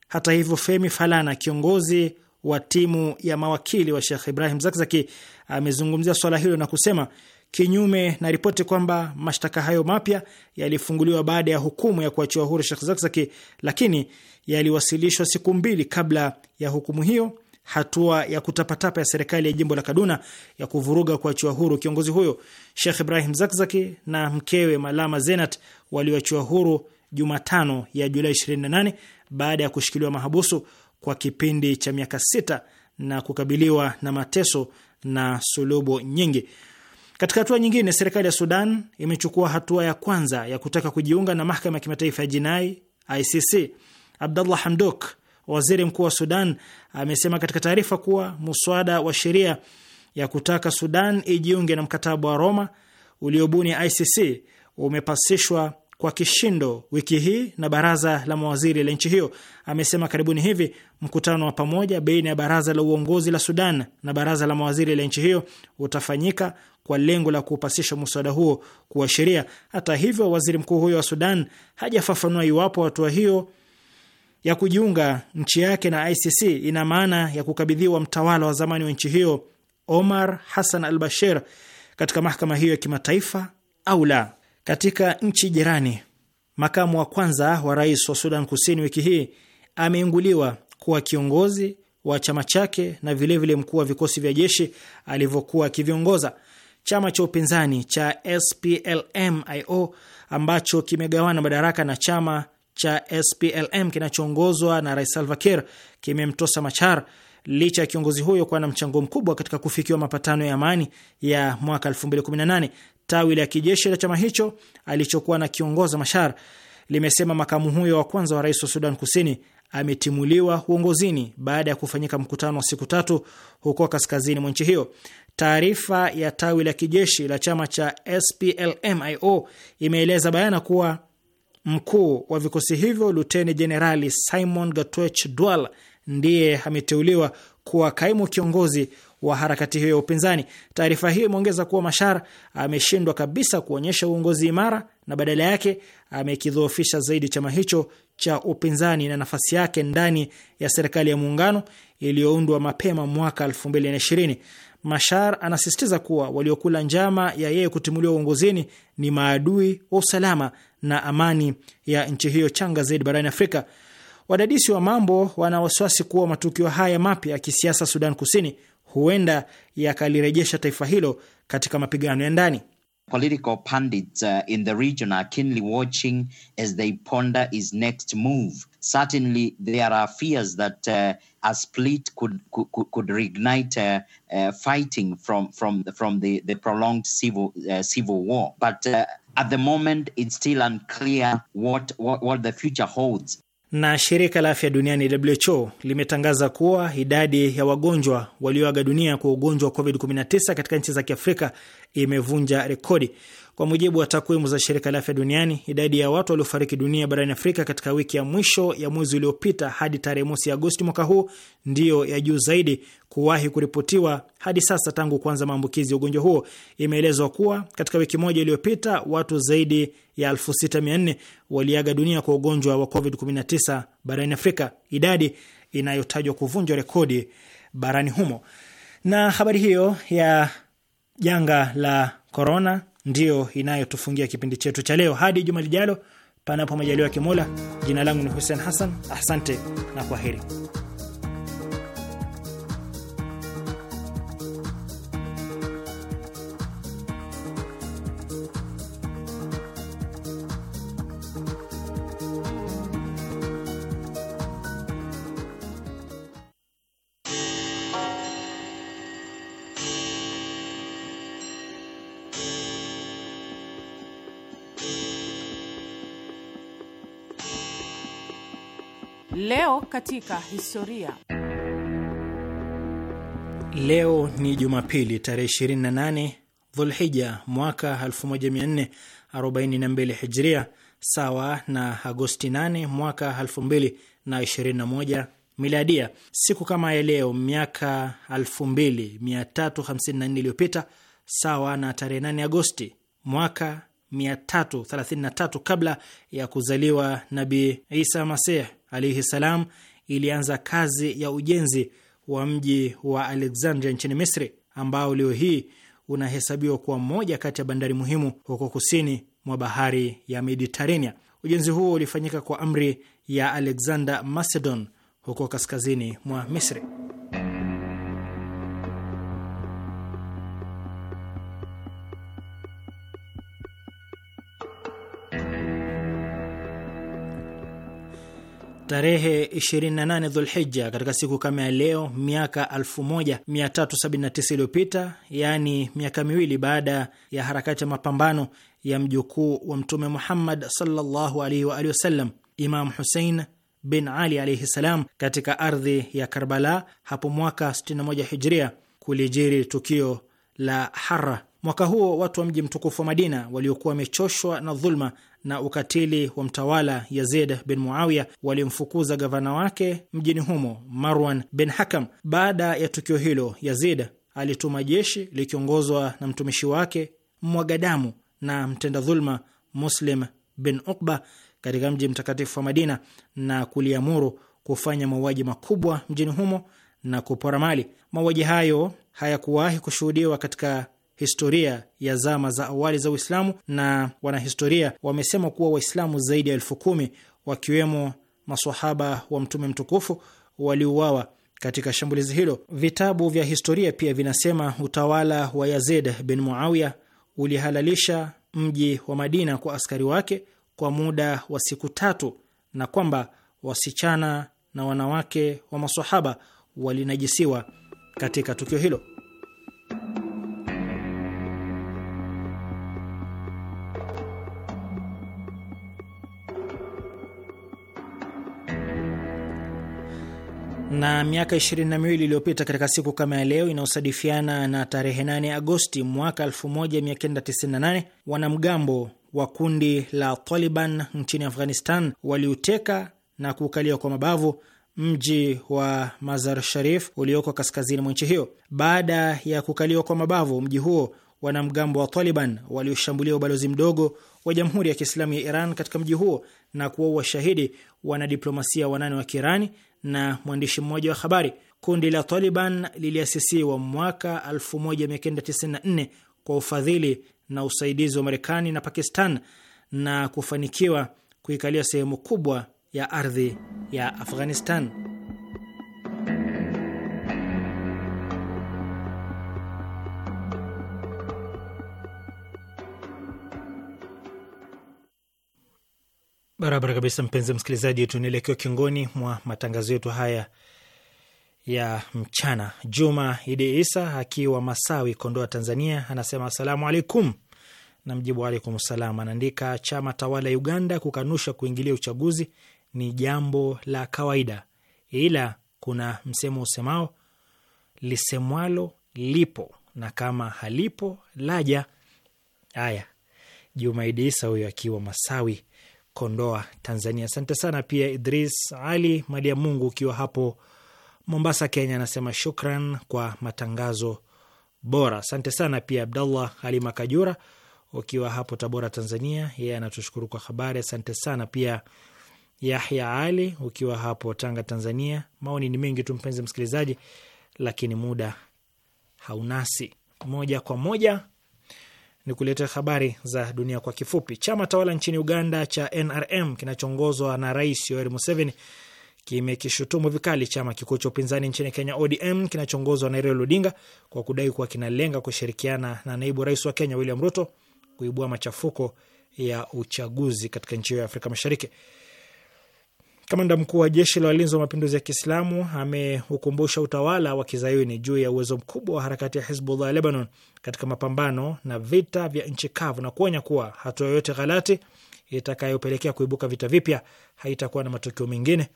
Hata hivyo, Femi Falana, kiongozi wa timu ya mawakili wa Shekh Ibrahim Zakzaki amezungumzia swala hilo na kusema kinyume na ripoti kwamba mashtaka hayo mapya yalifunguliwa baada ya hukumu ya kuachiwa huru Shekh Zakzaki, lakini yaliwasilishwa siku mbili kabla ya hukumu hiyo, hatua ya kutapatapa ya serikali ya jimbo la Kaduna ya kuvuruga kuachiwa huru kiongozi huyo. Shekh Ibrahim Zakzaki na mkewe Malama Zenat walioachiwa huru Jumatano ya Julai 28 baada ya kushikiliwa mahabusu kwa kipindi cha miaka sita na kukabiliwa na mateso na sulubu nyingi. Katika hatua nyingine, serikali ya Sudan imechukua hatua ya kwanza ya kutaka kujiunga na mahakama ya kimataifa ya jinai ICC. Abdallah Hamdok, waziri mkuu wa Sudan, amesema katika taarifa kuwa muswada wa sheria ya kutaka Sudan ijiunge na mkataba wa Roma uliobuni ICC umepasishwa kwa kishindo wiki hii na baraza la mawaziri la nchi hiyo. Amesema karibuni hivi mkutano wa pamoja baina ya baraza la uongozi la Sudan na baraza la mawaziri la nchi hiyo utafanyika kwa lengo la kuupasisha muswada huo kuwa sheria. Hata hivyo, waziri mkuu huyo wa Sudan hajafafanua iwapo hatua hiyo ya kujiunga nchi yake na ICC ina maana ya kukabidhiwa mtawala wa zamani wa nchi hiyo Omar Hassan al-Bashir katika mahakama hiyo ya kimataifa au la. Katika nchi jirani, makamu wa kwanza wa rais wa Sudan Kusini wiki hii ameinguliwa kuwa kiongozi wa chama chake na vilevile mkuu wa vikosi vya jeshi alivyokuwa akiviongoza. Chama cha upinzani cha SPLMIO ambacho kimegawana madaraka na chama cha SPLM kinachoongozwa na Rais Salva Kiir kimemtosa Machar licha ya kiongozi huyo kuwa na mchango mkubwa katika kufikiwa mapatano ya amani ya mwaka 2018. Tawi la kijeshi la chama hicho alichokuwa na kiongoza Mashar limesema makamu huyo wa kwanza wa rais wa Sudan Kusini ametimuliwa uongozini baada ya kufanyika mkutano wa siku tatu huko kaskazini mwa nchi hiyo. Taarifa ya tawi la kijeshi la chama cha SPLMIO imeeleza bayana kuwa mkuu wa vikosi hivyo Luteni Jenerali Simon Gatwech Dwal ndiye ameteuliwa kuwa kaimu kiongozi wa harakati hiyo ya upinzani. Taarifa hiyo imeongeza kuwa Mashar ameshindwa kabisa kuonyesha uongozi imara na badala yake amekidhoofisha zaidi chama hicho cha upinzani na nafasi yake ndani ya serikali ya muungano iliyoundwa mapema mwaka 2020. Mashar anasisitiza kuwa waliokula njama ya yeye kutimuliwa uongozini ni maadui wa usalama na amani ya nchi hiyo changa zaidi barani Afrika. Wadadisi wa mambo wana wasiwasi kuwa matukio haya mapya ya kisiasa Sudan Kusini huenda yakalirejesha taifa hilo katika mapigano ya ndani. Political pundits uh, in the region are keenly watching as they ponder his next move. Certainly there are fears that uh, a split could, could, could reignite uh, uh, fighting from, from, from the, the prolonged civil, uh, civil war. But uh, at the moment it's still unclear what, what, what the future holds na shirika la afya duniani WHO limetangaza kuwa idadi ya wagonjwa walioaga dunia kwa ugonjwa wa COVID-19 katika nchi za Kiafrika imevunja rekodi. Kwa mujibu wa takwimu za shirika la afya duniani, idadi ya watu waliofariki dunia barani Afrika katika wiki ya mwisho ya mwezi uliopita hadi tarehe mosi Agosti mwaka huu ndiyo ya juu zaidi kuwahi kuripotiwa hadi sasa tangu kuanza maambukizi ya ugonjwa huo. Imeelezwa kuwa katika wiki moja iliyopita watu zaidi ya 6400 waliaga dunia kwa ugonjwa wa COVID-19 barani Afrika, idadi inayotajwa kuvunjwa rekodi barani humo. Na habari hiyo ya janga la korona ndiyo inayotufungia kipindi chetu cha leo. Hadi juma lijalo, panapo majaliwa ya Kimola. Jina langu ni Hussein Hassan, asante na kwaheri. katika historia. Leo ni Jumapili tarehe 28 Dhulhija mwaka 1442 Hijria, sawa na Agosti 8 mwaka 2021 Miladia. Siku kama ya leo miaka 2354 iliyopita, sawa na tarehe 8 Agosti mwaka 333 kabla ya kuzaliwa nabi Isa Masih alaihi salam ilianza kazi ya ujenzi wa mji wa Alexandria nchini Misri, ambao leo hii unahesabiwa kuwa moja kati ya bandari muhimu huko kusini mwa bahari ya Mediterania. Ujenzi huo ulifanyika kwa amri ya Alexander Macedon huko kaskazini mwa Misri. tarehe 28 Dhulhija, katika siku kama ya leo miaka 1379 iliyopita, yaani miaka miwili baada ya harakati ya mapambano ya mjukuu wa Mtume Muhammad sallallahu alaihi wa alihi wasallam, Imam Husein bin Ali alaihi salam, katika ardhi ya Karbala hapo mwaka 61 Hijria, kulijiri tukio la Hara Mwaka huo watu wa mji mtukufu wa Madina waliokuwa wamechoshwa na dhulma na ukatili wa mtawala Yazid bin Muawiya walimfukuza gavana wake mjini humo Marwan bin Hakam. Baada ya tukio hilo, Yazid alituma jeshi likiongozwa na mtumishi wake mwagadamu na mtenda dhulma Muslim bin ukba katika mji mtakatifu wa Madina na kuliamuru kufanya mauaji makubwa mjini humo na kupora mali. Mauaji hayo hayakuwahi kushuhudiwa katika historia ya zama za awali za Uislamu, na wanahistoria wamesema kuwa Waislamu zaidi ya elfu kumi wakiwemo masahaba wa Mtume mtukufu waliuawa katika shambulizi hilo. Vitabu vya historia pia vinasema utawala wa Yazid bin Muawiya ulihalalisha mji wa Madina kwa askari wake kwa muda wa siku tatu na kwamba wasichana na wanawake wa masahaba walinajisiwa katika tukio hilo. na miaka 22 iliyopita katika siku kama ya leo inayosadifiana na tarehe 8 Agosti mwaka 1998 wanamgambo wa kundi la Taliban nchini Afghanistan waliuteka na kuukalia kwa mabavu mji wa Mazar Sharif ulioko kaskazini mwa nchi hiyo. Baada ya kukaliwa kwa mabavu mji huo, wanamgambo wa Taliban walioshambulia ubalozi mdogo wa Jamhuri ya Kiislamu ya Iran katika mji huo na kuwaua shahidi wanadiplomasia wanane wa Kiirani na mwandishi mmoja wa habari. Kundi la Taliban liliasisiwa mwaka 1994 kwa ufadhili na usaidizi wa Marekani na Pakistan na kufanikiwa kuikalia sehemu kubwa ya ardhi ya Afghanistan. Barabara kabisa, mpenzi msikilizaji, tunaelekea kiongoni mwa matangazo yetu haya ya mchana. Juma Idi Isa akiwa Masawi, Kondoa, Tanzania, anasema asalamu alaikum, na mjibu alaikum salam. Anaandika chama tawala Uganda kukanusha kuingilia uchaguzi ni jambo la kawaida, ila kuna msemo usemao lisemwalo lipo na kama halipo laja. Haya, Juma Idi Isa huyo akiwa Masawi Kondoa, Tanzania. Asante sana pia Idris Ali Mali ya Mungu ukiwa hapo Mombasa, Kenya, anasema shukran kwa matangazo bora. Asante sana pia Abdallah Ali Makajura ukiwa hapo Tabora, Tanzania, yeye anatushukuru kwa habari. Asante sana pia Yahya Ali ukiwa hapo Tanga, Tanzania. Maoni ni mengi tu mpenzi msikilizaji, lakini muda haunasi. Moja kwa moja ni kuletea habari za dunia kwa kifupi. Chama tawala nchini Uganda cha NRM kinachoongozwa na Rais Yoweri Museveni kimekishutumu vikali chama kikuu cha upinzani nchini Kenya ODM kinachoongozwa na Raila Odinga kwa kudai kuwa kinalenga kushirikiana na naibu rais wa Kenya William Ruto kuibua machafuko ya uchaguzi katika nchi hiyo ya Afrika Mashariki. Kamanda mkuu wa jeshi la walinzi wa mapinduzi ya Kiislamu ameukumbusha utawala wa kizayuni juu ya uwezo mkubwa wa harakati ya Hizbullah ya Lebanon katika mapambano na vita vya nchi kavu na kuonya kuwa hatua yoyote ghalati itakayopelekea kuibuka vita vipya haitakuwa na matokeo mengine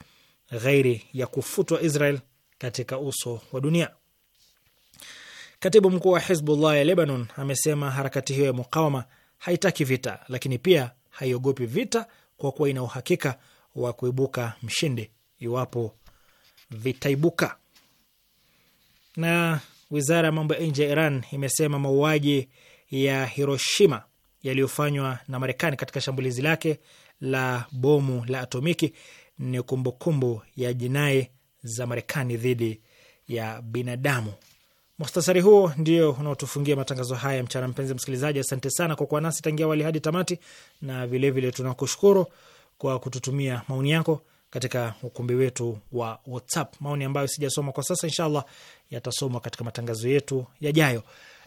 ghairi ya kufutwa Israel katika uso wa dunia. Katibu mkuu wa Hizbullah ya Lebanon amesema harakati hiyo ya mukawama haitaki vita, lakini pia haiogopi vita kwa kuwa ina uhakika wa kuibuka mshindi iwapo vitaibuka. Na wizara ya mambo ya nje ya Iran imesema mauaji ya Hiroshima yaliyofanywa na Marekani katika shambulizi lake la bomu la atomiki ni kumbukumbu ya jinai za Marekani dhidi ya binadamu. Muhtasari huo ndio unaotufungia matangazo haya mchana. Mpenzi msikilizaji, asante sana kwa kuwa nasi tangia wali hadi tamati, na vilevile tunakushukuru kwa kututumia maoni yako katika ukumbi wetu wa WhatsApp, maoni ambayo sijasoma kwa sasa, inshallah yatasomwa katika matangazo yetu yajayo.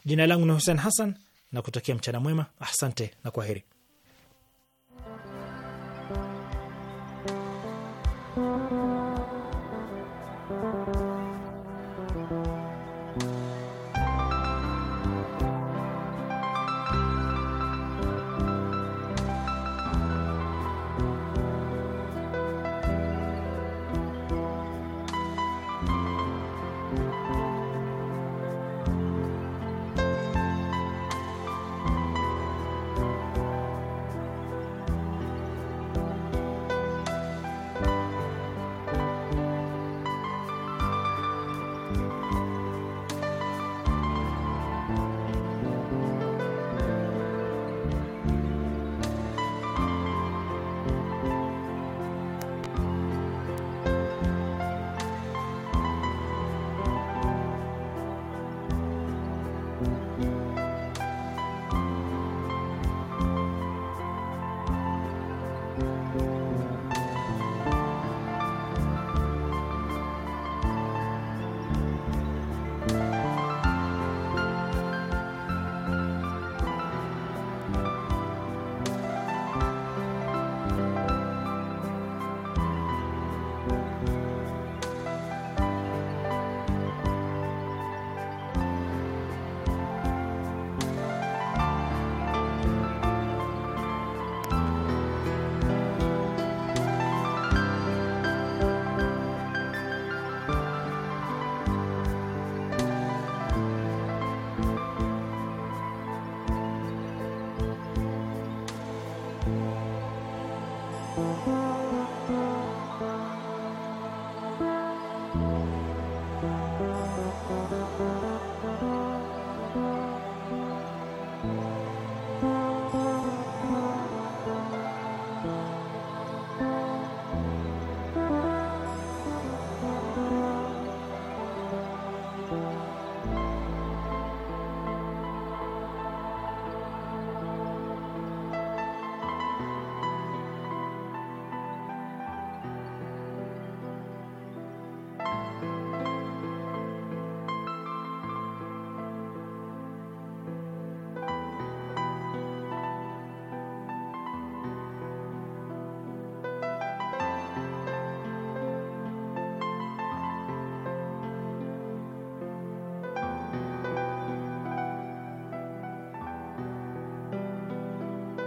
Jina langu ni Hussein Hassan na kutakia mchana mwema. Asante na kwaheri.